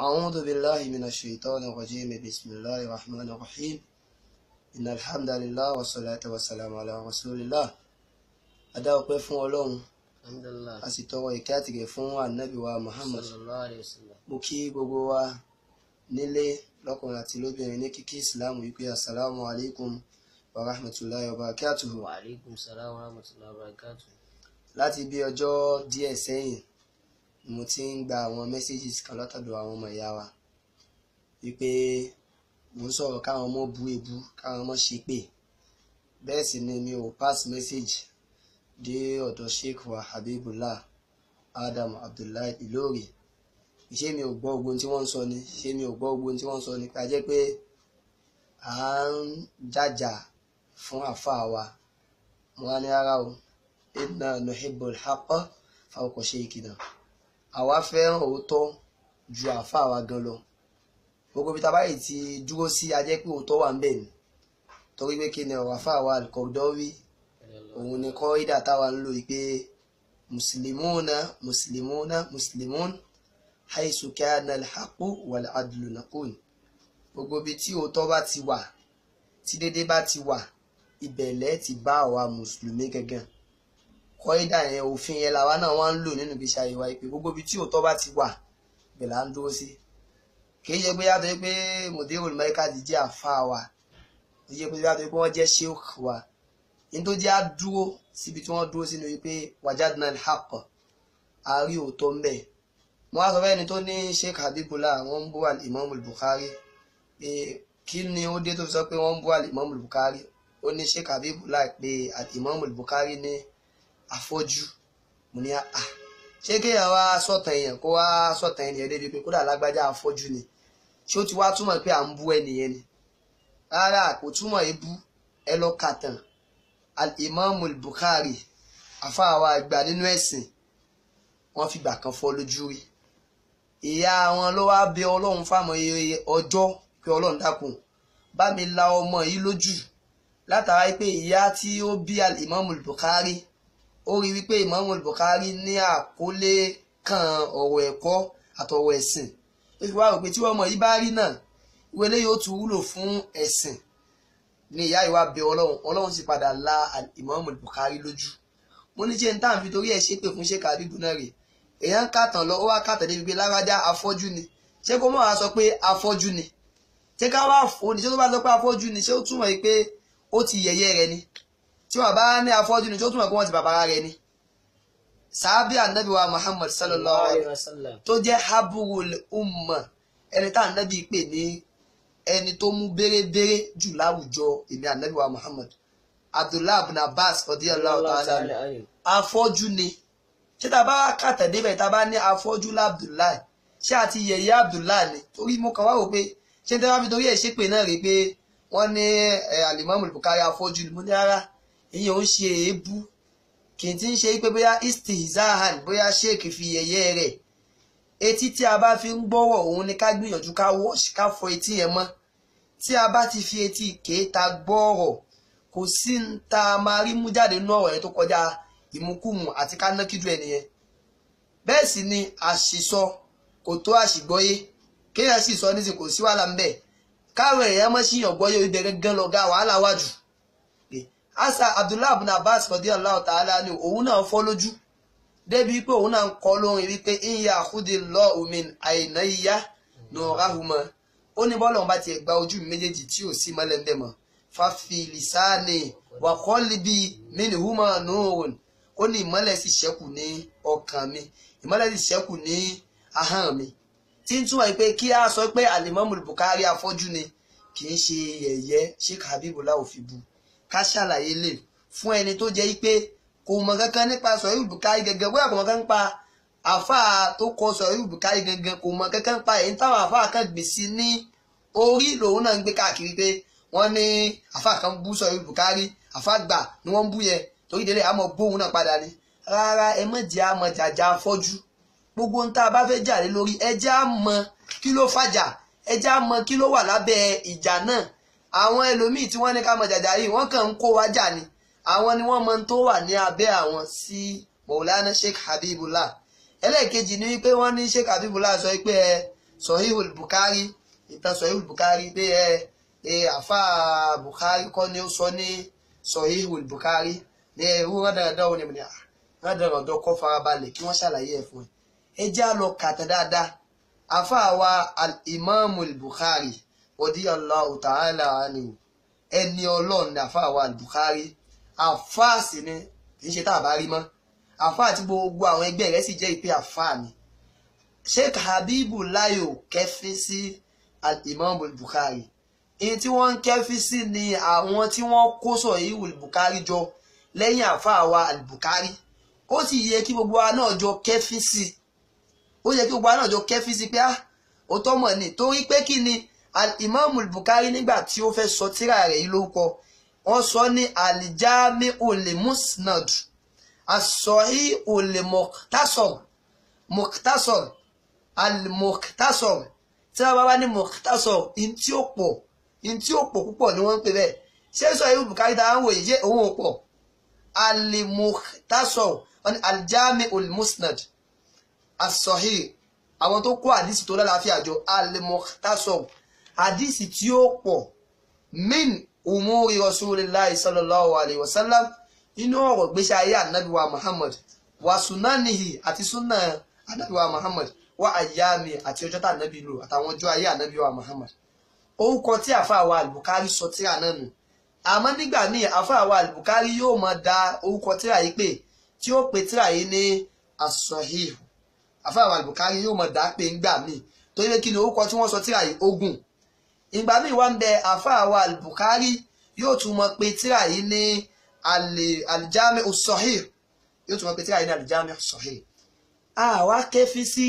أعوذ بالله من الشيطان الرجيم بسم الله الرحمن الرحيم إن الحمد لله والصلاة والسلام على رسول الله أدا أقوى فون أولون a sì tọrọ ìkẹ́ àtìgẹ̀ fún ànábì wa Muhammad mo kí gbogbo wa nílé lọ́kùnrin àti lóbìnrin ní kíkí ìsìláàmù wípé asalaamu alaykum wa rahmatulahi wa barakatuhu. wa alaykum salaam wa rahmatulahi wa barakatuhu. láti bí ọjọ́ díẹ̀ sẹ́yìn mo ti ń gba àwọn messages kan látọ̀dọ̀ àwọn ọmọ ìyá wa wípé mo ń sọ̀rọ̀ káwọn ọmọ bu ebu káwọn ọmọ ṣe pé bẹ́ẹ̀ sì ni mi ò pass message dé ọ̀dọ̀ sheikh wa habibullah adam abdullahi ìlórí ṣé mi ò gbọ́ ogun tí wọ́n ń sọ ni ṣé mi ò gbọ́ ogun tí wọ́n ń sọ ni ká jẹ́ pé à ń jàjà fún àfáà wa mo wá ní ara o inna nuhibbul haqqa fawqa shaykina àwa fẹ́ràn òótọ́ ju àáfàá wa gan lọ gbogbo bí tabayi ti dúró sí ajẹ́ pé òótọ́ wà ń bẹ̀ ni torí pé kí ni ọ̀rọ̀ àáfàá wa al òun ni kọ́ táwa ń lò yìí pé muslimuna muslimuna muslimun haisu kana al-haqqu wal-adlu nakun gbogbo bí tí òótọ́ bá ti wà tí dédé bá ti wà ìbẹ̀lẹ̀ ti bá àwa mùsùlùmí gangan kọ́ídà yẹn òfin yẹn làwa náà wá ń lò nínú ìgbésí ayé wa ìpè gbogbo ibi tí òótọ́ bá ti wà bẹ̀ là ń dúró sí kì í ṣe pé yàtọ̀ pé mùdírùl mẹ́ríkàdì jẹ́ àfa wa kì í ṣe pé yàtọ̀ pé wọ́n jẹ́ sheikh wa ní tó jẹ́ á dúró síbi tí wọ́n dúró sínú wípé wajadna al-haqq a rí òótọ́ ń bẹ̀ wọ́n á sọ fẹ́ni tó ní sheikh habibullah wọ́n bú al-imam al-bukhari pé kí ni ó dé tó sọ pé wọ́n bú al-imam al-bukhari ó ní sheikh habibullah pé imam al-bukhari ni afọ́jú mo ní à ah, ah, ṣé kéèyàn wá sọ̀tàn èèyàn kó wá sọ̀tàn ènìyàn débi pé kódà lágbájá afọ́jú ni ṣé ó ti wá túmọ̀ pé à ń bú ẹnìyẹn ni rárá kò túmọ̀ ebú ẹ lọ kàtàn al-Imam bukhari afáwa àgbà nínú ẹ̀sìn wọ́n fìgbà kan fọ́ lójú rí ìyá wọn ló wá bẹ ọlọ́run fáwọn ọjọ́ pé ọlọ́run dákun bá mi la ọmọ yìí lójú látara pé ìyá tí ó bí al bukhari ó rí wípé Imam Bukhari ní àkọlé kan ọ̀rọ̀ ẹ̀kọ́ àtọ̀rọ̀ ẹ̀sìn ó sì wá rò pé tí wọ́n mọ̀ yí bá rí náà ìwé eléyìí ó tún wúlò fún ẹ̀sìn ní ìyá ìwà bẹ ọlọ́run ọlọ́run sì padà la Imam Bukhari lójú mo ní ṣe ń tàn fi torí ẹ̀ ṣépè fún ṣé kàbíbù náà rèé èèyàn kàtàn lọ ó wá kàtàn débi pé lágbájá afọ́jú ni ṣé kó mọ̀ sọ pé afọ́jú ni ṣé ká wá fò ní ṣé tó bá sọ pé afọ́jú ni ṣé ó túmọ̀ yìí pé ó ti yẹ̀yẹ́ rẹ ni tí wọ́n bá ní afọ́jú ni tó túmọ̀ pé wọ́n ti bàbá rẹ̀ ni sàábì ànábì wa muhammad sallallahu alayhi wa sallam tó jẹ́ habuwul umma ẹni tá ànábì pè ní ẹni tó mú bérebére jù láwùjọ èmi ànábì wa muhammad abdullahi ibn abbas radiyallahu ta'ala afọ́jú ni ṣé tá a bá kàtà débẹ̀ tá a bá ní afọ́jú lábdùláì ṣé àti yẹ̀yẹ́ abdullahi ni torí mo kàn wá wò pé ṣé tẹ́wọ́n fi torí ẹ̀ ṣépè náà rèé pé wọ́n ní eh, alimami bukari afọ́jú ni mo ní rárá ìyẹn ò ń ṣe èébú kì í ti ń ṣe pé bóyá istihzaan bóyá sheik fi yẹ̀yẹ́ rẹ̀ etí tí a bá fi ń gbọ́wọ̀ òun ni ká gbìyànjú ká wọ́ọ̀ṣì ká fọ etí yẹn mọ́ tí a bá ti fi etí kéèta gbọ́ọ̀rọ̀ kò sí ń ta máa rí mú jáde nú ọ̀rọ̀ yẹn tó kọjá ìmúkùmù àti ká ná kíjú ẹnìyẹn bẹ́ẹ̀ sì ni àṣìsọ kò tó àṣìgbọ́yé kéèyàn sì sọ nísìnyí kò sí wàhálà ń káwọn èèyàn mọ́ sí ìyàngbọ́yé ibẹ̀ gángan lọ́gá wàhálà wájú asa abdullahi ibn abbas radiyallahu ta'ala ni òun náà fọ́ lójú débi pé òun náà ń kọ́ lórin wípé ìyá àkúdé lọ min àìná ìyá nùràhùmọ ó ní bọ́ọ̀lù ọ̀hún bá tiẹ̀ gba ojú mi méjèèjì tí ò sí mọ́lẹ́ńdẹ́ mọ́ fàfìlìsáàní wàkọ́líbi mínìhùmọ̀ nùrùn ó ní ìmọ́lẹ̀ sì ṣẹ́kù ní ọkàn mi ìmọ́lẹ̀ sì ṣẹ́kù ní ahọ́n mi tí ń túmọ̀ pé kí a sọ pé alimọ́mù Bukhari afọ́jú ni kì í ṣe yẹ̀yẹ́ Sheikh Habibullah fi bu ká ṣàlàyé lè fún ẹni tó jẹ́ pé kò mọ̀ kankan nípa Sọ̀yìí Bùkárí gangan bóyá kò mọ̀ kankan nípa àfa tó kọ Sọ̀yìí Bùkárí gangan kò mọ̀ kankan nípa èyí táwọn àfa kan gbè sí ní orí lòun náà ń gbé káàkiri pé wọ́n ní àfa kan bú Sọ̀yìí Bùkárí àfa gbà ni wọ́n bú yẹn torí délé àmọ́ gbóhùn náà padà ni rárá ẹ mọ̀ jẹ́ àmọ́ jàjà afọ́jú gbogbo ń bá fẹ́ jà lé lórí ẹ jẹ́ àmọ́ kí ló fàjà ẹ jẹ́ àmọ́ kí ló wà lábẹ́ ìjà náà àwọn ẹlòmíì tí wọ́n ní ká mọ jàjà yìí wọ́n kàn ń kó wa jà ni àwọn ni wọ́n mọ tó wà ní abẹ́ àwọn sí Maulana Sheikh Habibullah ẹlẹ́ẹ̀kejì ni wípé wọ́n ní Sheikh Habibullah sọ pé ẹ Sahihul Bukhari ìtàn Sahihul Bukhari pé ẹ ẹ àfa Bukhari kọ́ ni ó sọ ní Sahihul Bukhari ní ẹrú rádàrádà òní mi ni rádàrádà kọ́ farabalẹ̀ kí wọ́n ṣàlàyé ẹ̀ fún ẹ ẹ já lọ kàtà dáadáa àfa wa al-Imamul Bukhari rọdí Allahu ta'ala àni ẹni ọlọ́run ní àfa àwa Bukhari àfa sì ni kì í ṣe tá a bá rí mọ́ àfa àti gbogbo àwọn ẹgbẹ́ rẹ̀ sì jẹ́ ìpè àfa ni Sheikh Habibu Layo kẹfí sí Imam Bukhari èyí tí wọ́n ń kẹ́fí sí ni àwọn tí wọ́n kó sọ ìwù Bukhari jọ lẹ́yìn àfa àwa Bukhari ó sì yẹ kí gbogbo wa náà jọ kẹ́fí sí ó yẹ kí gbogbo wa náà jọ kẹ́fí sí pé ah òótọ́ mọ̀ ni torí pé kí ni al-imamul Bukhari nígbà tí ó fẹ́ sọ tírà rẹ̀ yìí lórúkọ wọ́n sọ ní alijami olè musnad asọ̀hí olè mọ̀tásọ̀r mọ̀tásọ̀r al-mọ̀tásọ̀r tí wọ́n bá bá ní mọ̀tásọ̀r in tí ó pọ̀ in tí ó pọ̀ púpọ̀ ni wọ́n ń pè bẹ́ẹ̀ ṣé sọ irú Bukhari tá ń wò yìí òun ò pọ̀ al wọ́n ní alijami olè musnad asọ̀hí àwọn tó kó àdísì tó lálàáfíà jọ al àdìsí tí ó pọ̀ min umuri rasulillahi sallallahu alayhi wa sallam inú ọ̀rọ̀ gbéṣẹ́ ayé anabi wa muhammad wa sunanihi àti sunna anabi wa muhammad wa ayami àti ọjọ́ tá anabi lò àtàwọn ọjọ́ ayé anabi wa muhammad orúkọ tí àfáà wa àlùbùkárí sọ tíra náà nù àmọ́ nígbà míì àfáà wa àlùbùkárí yóò máa da orúkọ tíra yìí pé tí ó pe tíra yìí ní asọ̀híhù àfáà wa yóò máa dá pé ńgbà míì torí pé kí ni orúkọ tí wọ́n sọ tíra yìí ogun ìgbà míì wá ń bẹ àfáà wa al-Bukhari yóò tún mọ pé tíra yìí ní al-Jami' as-Sahih yóò tún mọ pé tíra yìí ní al-Jami' as-Sahih àwa kẹfí sí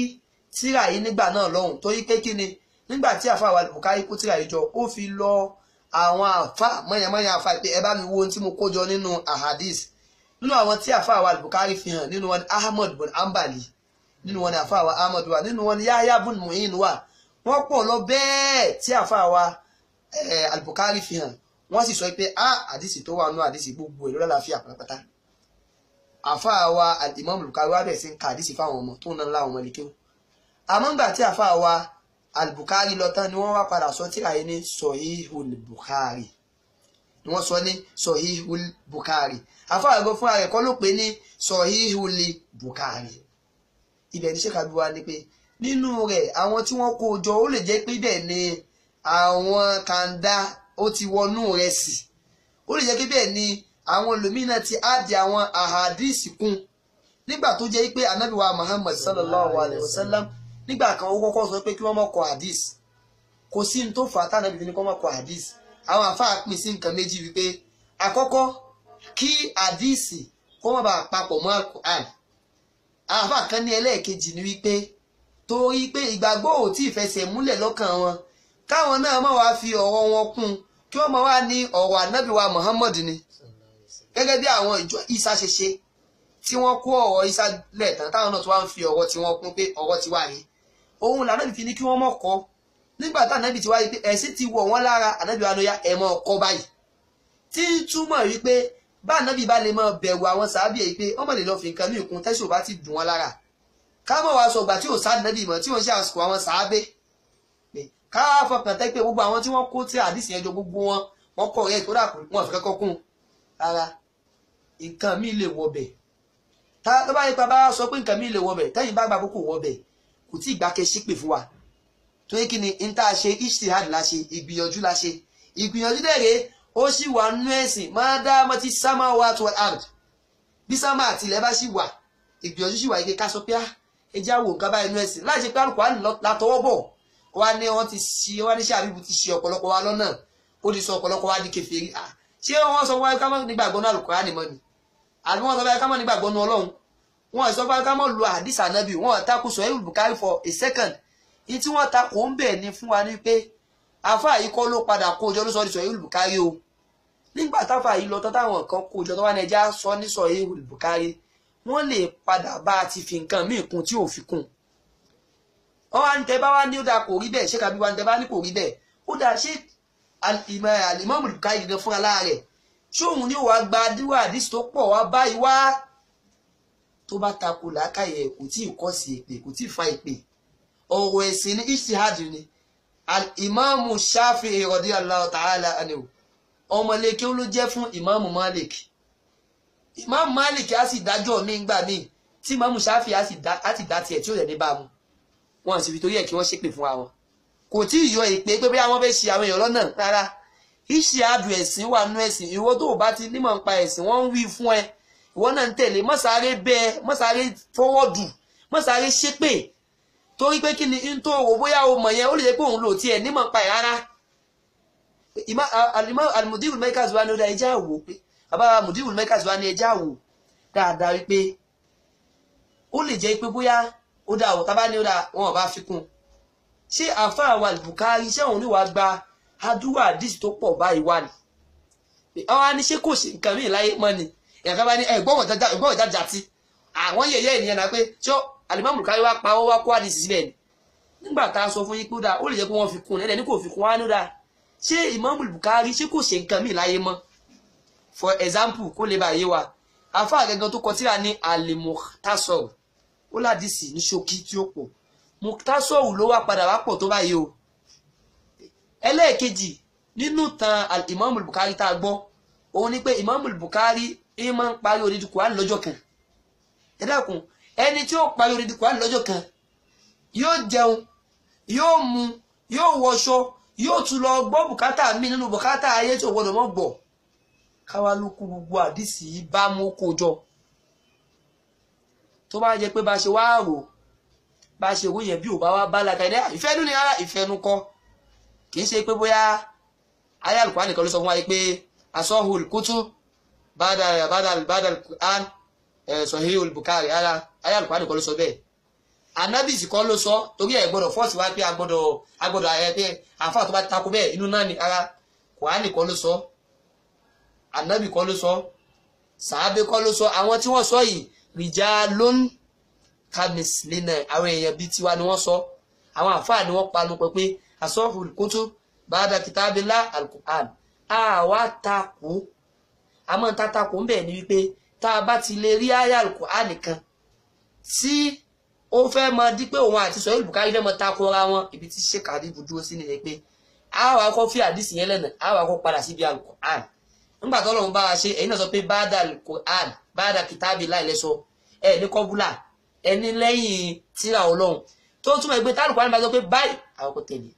tíra yìí nígbà náà lọ́hùn tó yí pé kí ni nígbà tí àfáà wa al-Bukhari kó tíra yìí jọ ó fi lọ àwọn àfa mọ̀yàmọ̀yà àfa pé ẹ bá mi wo ohun tí mo kó jọ nínú ahadis nínú àwọn tí àfa àwa fi hàn nínú wọn ni Ahmad bin Ambali nínú wọn ni àfa àwa Ahmad wa nínú wọn ni Yahya bin Mu'in wa wọ́n pọ̀ lọ bẹ́ẹ̀ tí àáfàá wa Al-Bukhari fi hàn wọ́n sì sọ pé a àdìsí tó wà nù àdìsí gbogbo èrò lálàáfíà pátápátá àáfàá wa Imam Al-Bukhari wa bẹ̀rẹ̀ sí ń ka àdìsí fáwọn ọmọ tó ń ná ńlá àwọn ọmọ ìlẹ́kẹ́wò àmọ́ ńgbà tí àáfàá wa Al-Bukhari lọ tán ni wọ́n wá padà sọ tíra yìí ní Sahihul Bukhari ni wọ́n sọ ní Sahihul Bukhari àáfàá àgọ́ fúnra rẹ̀ kọ́ ló pé ní Sahihul Bukhari ibẹ̀ ni ṣé nínú rẹ̀ àwọn tí wọ́n kó jọ ó lè jẹ́ pé bẹ́ẹ̀ ni àwọn kàńdá ó ti wọnú rẹ̀ sí ó lè jẹ́ pé bẹ́ẹ̀ ni àwọn lòmínà ti áàdì àwọn àhàdìsì kún nígbà tó jẹ́ pé anábìwá Muhammad sallallahu alayhi wa sallam nígbà kan ó kọ́kọ́ sọ pé kí wọ́n má kọ hadith kò sí ní tó fà á tànàbì ní kó má kọ hadith àwọn àfáà pín sí nǹkan méjì wípé àkọ́kọ́ kí hadith kó má bàa papọ̀ mọ́ àlùkò àlù àfáà kan ní ẹlẹ́ẹ̀kejì ni wípé torí pé ìgbàgbọ́ ò tí ì fẹsẹ̀ múlẹ̀ lọ́kàn wọn káwọn náà má wá fi ọ̀rọ̀ wọn kún kí wọ́n má wá ní ọ̀rọ̀ ànábìwá Muhammad ni gẹ́gẹ́ bí àwọn ìjọ isa ṣe ṣe tí wọ́n kó ọ̀rọ̀ Ìsá lẹ̀ tán táwọn náà tó wá ń fi ọ̀rọ̀ tí wọ́n kún pé ọ̀rọ̀ ti wà yìí òun lànàbì fi ní kí wọ́n mọ̀ kọ́ nígbà tá ànábì ti wáyé pé ẹ̀sìn ti wọ̀ wọ́n lára ànábì wa lóya ẹ̀ mọ́ ọkọ báyìí tí ń túmọ̀ wípé bá ànábì bá lè mọ bẹ̀rù àwọn sàábì yìí pé wọ́n lọ fi nǹkan ní ìkun tẹ́sùn bá ti dùn wọn lára káàmọ̀ wá sọ ìgbà tí ò sá nàbì mọ̀ tí ò ń ṣe àsìkò àwọn sàábé ká fọkàn tẹ́ pé gbogbo àwọn tí wọ́n kó tí àdìsí ẹjọ́ gbogbo wọn wọ́n kọ̀ rẹ́ ìkórà kún wọn fi kẹ́kọ̀ọ́ kún ara nǹkan mi lè wọbẹ̀ tá tó bá nípa bá sọ pé nǹkan mi lè wọbẹ̀ tẹ́yìn bá gba àkókò wọbẹ̀ kò tí ìgbà kẹ́ ṣípè fún wa tó yẹ kí ni n tá a ṣe ishtihad la ṣe ìgbìyànjú la ṣe ìgbìyànjú dẹ̀rẹ̀ ó sì wà nínú ẹ̀sìn máa dá mọ́ ti sámà wà tó àrùn bí sámà àtìlẹ́ bá sì wà ìgbìyànjú sì wà yìí ká sọ pé ah ẹjẹ́ àwọn nǹkan báyìí nú ẹ̀sìn láì ṣe pé àlùkò àlùlátọwọ́ bọ̀ kó wá ní wọ́n ti ṣe wá ní sàbíbu ti ṣe ọ̀pọ̀lọpọ̀ wa lọ́nà ó ti sọ ọ̀pọ̀lọpọ̀ wa di kèfèrí à ṣé wọ́n sọ fún wa ká má nígbàgbọ́ nú àlùkò ni àbí wọ́n sọ fún wa ká má nígbàgbọ́ nú ọlọ́run wọ́n sọ fún wa lu àdìs ànábì wọ́n takò sọ ẹ̀rù bùkárí for a second ní tí wọ́n takò ń bẹ̀ ni fún wa ní pé àfáà yìí kọ́ ló padà kó jọ ló sọ ní sọ ẹ̀rù bùkárí o nígbà táfà yìí lọ tán táwọn kan kó jọ tó wá ní ẹja sọ ní sọ ẹ̀rù bùkárí wọ́n lè padà bá a ti fi nǹkan míì kún tí ò fi kún wọ́n wá ń tẹ́ bá ní ó dáa kò rí bẹ́ẹ̀ ṣé kàbí wá ń tẹ́ ní kò rí bẹ́ẹ̀ ó dáa ṣé alimọ́mù káyìí gan fúnra láàrẹ̀ ṣé òun ni wàá gba adúrà àdìsí tó pọ̀ wá báyìí wá tó bá takò làákàyè kò tí ì kọ́ sí èpè kò tí ì fa èpè ọ̀rọ̀ ẹ̀sìn ní ishtihad ni alimọ́mù Shafi'i radiyallahu ta'ala anhu ọmọlẹ́kẹ́ ló jẹ́ fún ìmáàmù Malik imam malik a sì dájọ́ mi ń gbà mí tí imam shafi a sì dá tiẹ̀ tí ó rẹ̀ ní bámu wọn sì fi torí ẹ̀ kí wọ́n ṣépè fún àwọn kò tí ì yọ ìpè pé bóyá wọ́n fẹ́ ṣe àwọn èèyàn lọ́nà rárá iṣẹ́ adù ẹ̀sìn wà nú ẹ̀sìn ìwọ tó o bá ti nímọ̀ nípa ẹ̀sìn wọ́n ń wí fún ẹ ìwọ náà ń tẹ̀lé mọ́sáré bẹ́ẹ̀ mọ́sáré fọwọ́dù mọ́sáré ṣépè torí pé kí ni n tó o bóyá o mọ̀ yẹn ó lè jẹ́ pé òun lò tiẹ̀ nímọ̀ nípa ẹ̀ rárá alimudiru mẹ́kàzù wa ni ó dá ẹjẹ́ àwò pé bàbá mudiru mẹ́kàsí wa ní ẹjẹ́ àwò dáadáa wípé ó lè jẹ́ pé bóyá ó dá àwọ̀ tábà ní ó dá wọn ò bá fi kún ṣé àfáà wa Bùkárí iṣẹ́ òun níwàá gba adúrà àdìsí tó pọ̀ báyìí wà ní àwa ní ṣé kò ṣe nǹkan mí láyé mọ́ ni ìyàgá bá ní ẹ̀gbọ́n ìdájà tí àwọn yẹ̀yẹ́ ènìyàn náà pé ṣó Al-Imam Bùkárí pa ó wá kó àdìsí sílẹ̀ ni nígbà tá a sọ fún yín pé ó dá ó lè jẹ́ pé wọ́n fi ní for example kó lè bá yé wa àfáà gẹ́gẹ́ tó kọ tíra ní alimutasor ó ládìsí ní ṣókí tí ó pọ̀ mutasor ló wá padà wá pọ̀ tó báyìí o ẹlẹ́ẹ̀kejì nínú tan imam bukari tá a gbọ́ òun ni pé imam bukari ń máa ń parí odidi Kùránì lọ́jọ́ kan ẹ dákun ẹni tí ó parí odidi Kùránì lọ́jọ́ kan yóò jẹun yóò mu yóò wọṣọ yóò tún lọ gbọ́ bùkátà mi nínú bùkátà ayé tí ò gbọdọ̀ mọ́ gbọ́ káwá ló kú gbogbo àdìsí yìí bá mú kó jọ tó bá jẹ pé bá ṣe wá rò bá ṣe rò yẹn bí ò bá wá bá làkà ilé ìfẹ́nu ni rárá ìfẹ́nu kọ́ kì í ṣe pé bóyá ayé àlùkò nìkan ló sọ fún wa pé asọ́hùl kútú bádàl bádàl bádàl an sọ̀híhùl bukari ara ayé àlùkò nìkan ló sọ bẹ́ẹ̀ anabisi kan ló sọ torí ẹ gbọ́dọ̀ fọọsì wá pé agbọ́dọ̀ agbọ́dọ̀ ayẹ pé àfa tó bá takú bẹ́ẹ̀ inú náà ni ara kùránì kan ló sọ ànábì kọ́ ló sọ sàábé kọ́ ló sọ àwọn tí wọ́n sọ yìí rìjà lón kamis lena àwọn èèyàn bíi tiwa ni wọ́n sọ àwọn àfáà ni wọ́n panu pọ̀ pé asọ́fù kútú bàdà kìtàbílà alukuhan àwa takò àmọ́ ta takò ń bẹ̀ ni wípé tá a bá ti lè rí àyà alukuhan nìkan tí ó fẹ́ mọ dí òun àti sọ́yìn bùkárí fẹ́ takò ra wọn ibi tí ṣèkàrí ibùdó sí nìyẹn pé àwa kọ́ fi àdìsí yẹn lẹ́nà àwa kọ́ padà síbi alukuhan nígbà tó lọ́run bá wa ṣe ẹ̀yin náà sọ pé báàdà Quran báàdà kìtàbí láìlẹ́sọ ẹ̀ ní kọ́búlà ẹ̀ ní lẹ́yìn tíra ọlọ́run tó túmọ̀ pé táàlù Quran bá sọ pé báyìí àwọn kò tẹ̀lé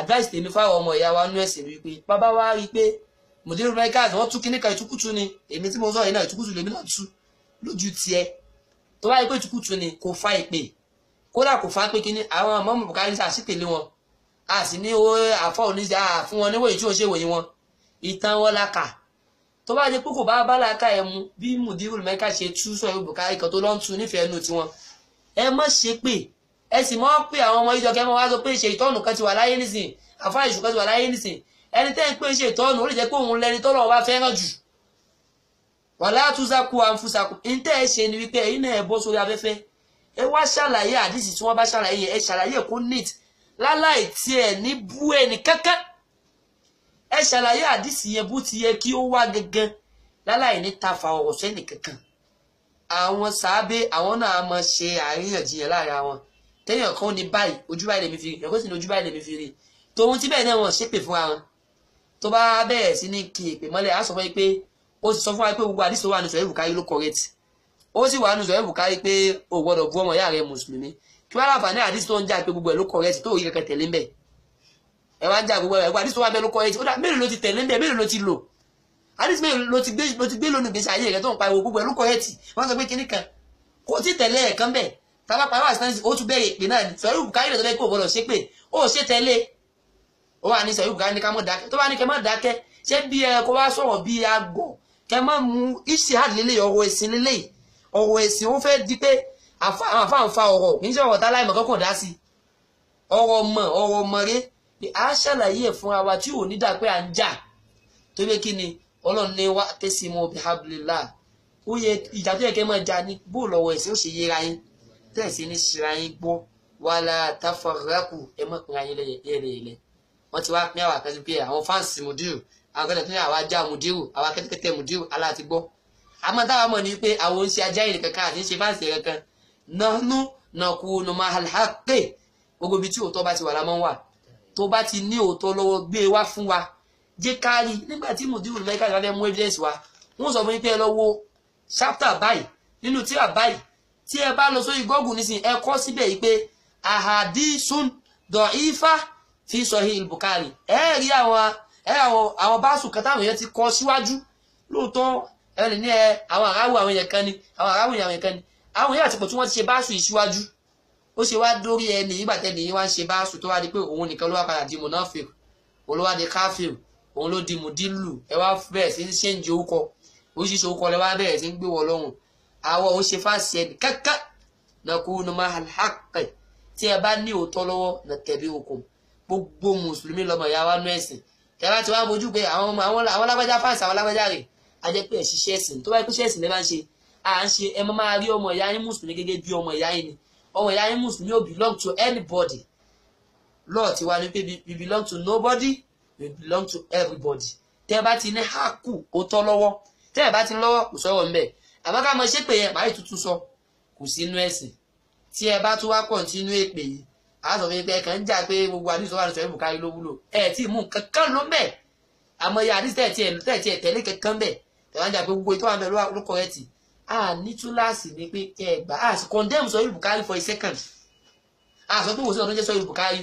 advice tèmi fáwọn ọmọ ìyá wa nú ẹ̀sìn rí pé bàbá wa rí pé mùdírù mẹ́kàs wọ́n tú kíníkà ìtukùtù ni èmi tí mo sọ yìí náà ìtukùtù lèmi náà tú lójú tiẹ̀ tó bá yẹ pé ìtukùtù ni kò fa ìpè kódà a sì ní owó àfọ̀ oníṣẹ́ àfún wọn níwòye tí ò ìtàn wọn la kà tó bá jẹ́ pé kò bá bá làákà ẹ mu bí mùdírù mẹ́ka ṣe tú sọ ìwé bùkà ikọ̀ tó lọ́ ń tu nífẹ̀ẹ́ ẹnu tiwọn ẹ má ṣe pé ẹ sì mọ́ pé àwọn ọmọ ìjọ kẹ́mọ́ wá sọ pé ṣe ìtọ́nù kan ti wà láyé nísìn àfa ìṣù kan ti wà láyé nísìn ẹni tẹ́ ń pè ṣe ìtọ́nù ó lè jẹ́ pé òun lẹni tọ́lọ́ wa fẹ́ràn jù wàhálà àtúnṣàkó àǹfùṣàkó ní tẹ́ ẹ ṣe ni wípé ẹ̀yin náà ẹ bọ́ sórí afẹ́fẹ́ ẹ wá ṣàlàyé àdìsí tí wọ́n bá ṣàlàyé yẹn ẹ ṣàlàyé kó neat láláì tiẹ̀ ní bú ẹnì kankan ẹ ṣàlàyé àdìsí yẹn bó ti yẹ kí ó wá gẹ́gẹ́ láláì ní tafa ọ̀rọ̀ sẹ́nì kankan àwọn sàábé àwọn náà máa ṣe àríyànjiyàn láàrin àwọn tẹ́yàn kan ní báyìí ojú báyìí lèmi fi rí ẹ̀kọ́ sì ní ojú báyìí lèmi fi rí tòun tí bẹ́ẹ̀ náà wọ́n ṣépè fúnra wọn tó bá bẹ̀rẹ̀ sí ní kí èpè mọ́lẹ̀ á sọ fún ẹ pé ó ti sọ fún wa pé gbogbo àdìsí wà nùsọ̀ ẹ̀bùkárí ló correct ó sì wà nùsọ̀ ẹ̀bùkárí pé ò gbọ́dọ̀ bú ọmọ ìyá rẹ mùsùlùmí kí wọ́n láǹfààní àdìsí tó ń jà pé gbogbo ẹ̀ ló correct tó rí kẹ̀kẹ́ tẹ̀lé mbẹ̀ ẹ wá ń jà gbogbo ẹ wá àdìsí tó wà mẹ́nu kọ́ etí ó dà mélòó ló ti tẹ̀lé ń bẹ̀ mélòó ló ti lò àdìsí mélòó ló ti gbé ló ti gbé lónìí gbèsè ayé rẹ tó ń pariwo gbogbo ẹnu kọ́ etí wọ́n sọ pé kinní kan kò tí tẹ̀lé ẹ̀ kan bẹ̀ tábà pariwo àṣìṣe ó tún bẹ̀rẹ̀ ìpè náà ni sọ̀rọ̀ ìbùkárí rẹ̀ tó bẹ́ẹ̀ kó bọ́lọ̀ ṣe pé ó ṣe tẹ̀lé ó wà ní sọ̀rọ̀ ìbùkárí ká mọ̀ dákẹ́ tó bá ní kẹ́ mọ̀ pé a ṣàlàyé ẹ̀ fúnra wa tí ò dà pé à ń jà tó yẹ kí ni ọlọ́run ní wá tẹ̀sí mọ́ bí hablilá ó yẹ ìjà tó yẹ kẹ́ mọ́ ja ní bó lọ́wọ́ ẹ̀sìn ó ṣe yẹra yín tẹ̀sí ní ṣíra yín gbọ́ wàhálà tafarakù ẹ̀ mọ́ pinra yín lẹ́yẹ̀lẹ́yẹ̀lẹ́ wọ́n ti wá pín àwọn akẹ́tù pé àwọn fáǹsì mùdírù àwọn akẹ́tù pé àwa já mùdírù àwa kẹ́tẹ́kẹ́tẹ́ mùdírù aláàtí gbọ́ àmọ́ táwa mọ̀ ní pé àwọn oníṣẹ́ ajá yìí kankan àti ṣe fáǹsì kankan nánú nàkú numahalhaqe gbogbo ibi tí òótọ́ bá ti wà lámọ́ wà tó bá ti ní òótọ́ lọ́wọ́ gbé e wá fún wa jẹ́ ká rí nígbà tí mùdírù mẹ́ka ìbá fẹ́ mú evidence wa wọ́n sọ fún yín pé ẹ lọ chapter báyìí nínú tíra báyìí tí ẹ bá lọ sórí Google nísìn ẹ kọ́ síbẹ̀ yìí pé ahadisun dọ̀ífà fi sọ̀hí Bukhari ẹ rí àwọn àwọn báṣù kan táwọn èèyàn ti kọ síwájú lóòótọ́ ẹ lè ní àwọn aráwọ̀ àwọn èèyàn kan ni àwọn aráwọ̀ èèyàn kan ni àwọn èèyàn àtìpọ̀ tí wọ́n ti ṣe báṣù yìí síwájú ó ṣe wá dórí ẹni nígbà tẹ́ni yìí wá ń ṣe báṣu tó wá di pé òun nìkan ló wá padà di monafik òun ló wá di káfíìn òun ló di mùdílù ẹ wá bẹ̀rẹ̀ sí ṣe ń jẹ orúkọ oríṣiríṣi orúkọ lẹ wá bẹ̀rẹ̀ sí ń gbé wọ lọ́hùn àwọ̀ òun ṣe fáṣẹ ẹni kankan nakunu mahal haqq tí ẹ bá ní òótọ́ lọ́wọ́ na tẹ̀lé okùn gbogbo mùsùlùmí lọ́mọ ìyá wa nú ẹ̀sìn tẹ́ bá ti wá bójú pé àwọn ọmọ àwọn lágbájá fáǹsì àwọn lágbájá rè á jẹ́ pé ẹ̀ ṣiṣẹ́ ẹ̀sìn tó bá yẹ pé ṣẹ́ẹ̀sìn lẹ́ bá ń ṣe à ń ṣe ẹ máa rí ọmọ ìyá yín mùsùlùmí gẹ́gẹ́ bí ọmọ ìyá yín ni ọmọ ìyá yín mùsùlùmí belong to anybody Lord, ti wá ní pé we belong to nobody we belong to everybody tẹ́ ẹ bá ti ní hákù ó tọ́ lọ́wọ́ tẹ́ ẹ bá ti ń lọ́wọ́ kò sọ̀rọ̀ ńbẹ̀ àmọ́ ká mọ ṣépè yẹn màá tuntun sọ kò sí inú ẹ̀sìn tí ẹ bá tún wá kọ̀ǹtínú èpè yìí a sọ fún mi pé ẹ kàn ń jà pé gbogbo àdìsọ wà lóṣù ẹ̀ bùkárí ló wúlò ẹ tí mú kankan ló mẹ́ àmọ́ ìyá àdìsọ tẹ̀ tiẹ̀ tẹ̀lé kankan bẹ̀ tẹ̀ wá ń jà pé gbogbo ètò àwọn ọmọ ẹ̀ ló kọ̀ ẹ̀ tì a ní túláàsì ni pé kẹ ẹ gbà á condemn sọ yorùbá kárí for a second a sọ pé wò sí ọdún jẹ́ sọ yorùbá kárí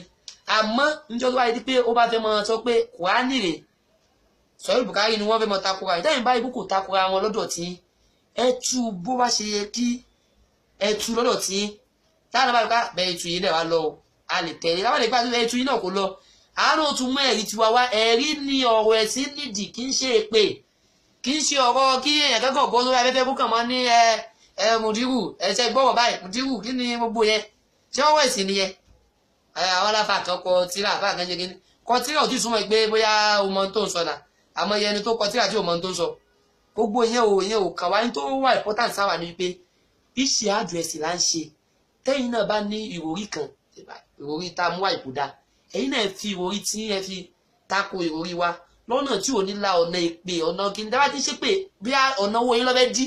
àmọ́ níjọ́ tó wáyé pé ó bá fẹ́ mọ sọ pé kùránì rè sọ yorùbá kárí ni wọ́n fẹ́ mọ takora rẹ̀ tẹ́yìn báyìí kò takora wọn lọ́dọ̀ tí ẹ tú bó bá ṣe yẹ kí ẹ tú lọ́dọ̀ tí táwọn bá yọ ká ah, bẹ́ẹ̀ tú yìí náà wá lọ a lè tẹ̀lé láwọn lè gbà ẹ tú yìí náà kó lọ àárò tún mú ẹ̀rí tiwa wá ẹ̀rí ni ọ̀rọ̀ ẹ̀sìn nídìí kì í ṣe é pé kì í ṣe ọ̀rọ̀ kí èèyàn kẹ́kọ̀ọ́ bọ́ lórí afẹ́fẹ́ kó kàn mọ́ ní ẹ mùdírù ẹsẹ̀ gbọ́rọ̀ báyìí mùdírù kí ni gbogbo yẹn ṣé ọwọ́ ẹ̀sìn nìyẹn àwọn aláfa kan kọ tíra àfa kan ṣe kọ tíra ò tí súnmọ́ pé bóyá o mọ tó ń sọ náà àmọ́ yẹn ni tó kọ tíra tí o mọ tó ń sọ gbogbo yẹn ò yẹn ò kàn wá ní tó wà important sáwà ni pé iṣẹ́ àdírẹ́sì là ń ṣe tẹ́yìn náà bá ní ìròrí kan ìròrí lọ́nà tí ò ní la ọ̀nà ìpè ọ̀nà kìíní tí a bá ti ṣe pé bí ọ̀nà owó yín lọ́fẹ́ dí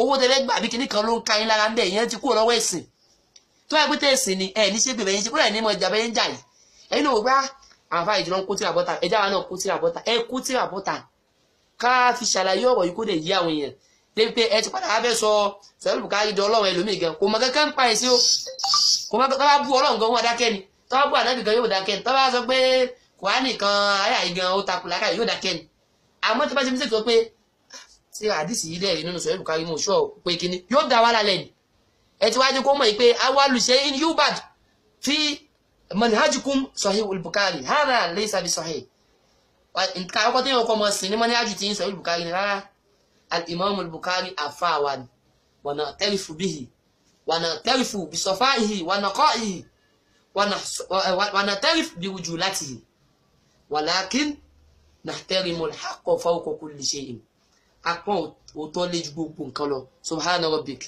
owó tẹ fẹ́ gbà bí kìíní kan ló ń ka yín lára ń bẹ̀ ìyẹn ti kúrò lọ́wọ́ ẹ̀sìn tó yẹ pé tẹ̀sìn ni ẹ̀ ní ṣe pé bẹ̀yìn ṣe kúrò ẹ̀ ní mọ ìjà bẹ́yìn jà yìí ẹ̀yin náà gbá àfa ìjọ náà kó tìrà bọ́ta ẹja wa náà kó tìrà bọ́ta ẹ kó tìrà bọ́ta ká fi ṣàlàyé ọ̀rọ̀ yìí kó lè yí àwọn èèyàn débi pé ẹ ti padà fẹ́ sọ sẹ́lẹ̀ bùkárí di ọlọ́run ẹlòmíì gan kò mọ kankan ń pa ẹ̀ sí o kò mọ kankan bá bú ọlọ́run gan wọn dákẹ́ ni tọ́ bú ànábì gan yóò dákẹ́ tọ́ bá sọ pé kùránì kan ayà igan ó takùlá káyọ̀ yóò dákẹ́ ni àmọ́ tí bá ṣe mistake sọ pé ah, ṣé àdìsí yìí dẹ̀ rí nínú sọ̀rọ̀ ìbùkárí mo ṣọ́ pé kíní yóò dá wàhálà lẹ́nu ẹ ti wájú kó mọ̀ pé awalùsẹ̀ in yubad fi manhajukum sahih olùbùkárì hàrà laysa ah, bi sahih nǹkan àkọ́kọ́ tí yẹn kọ́ mọ̀ sí ní manhajú ti ń sahih olùbùkárì ni rárá al-imam al-bukhari afaawan wana tarifu bihi wana tarifu bisofaihi wana wana tarifu biwujulatihi wàlákìn nahtarimu al-haqqa fawqa kulli shay'in apọ́n òótọ́ lé ju gbogbo nǹkan lọ subhana rabbik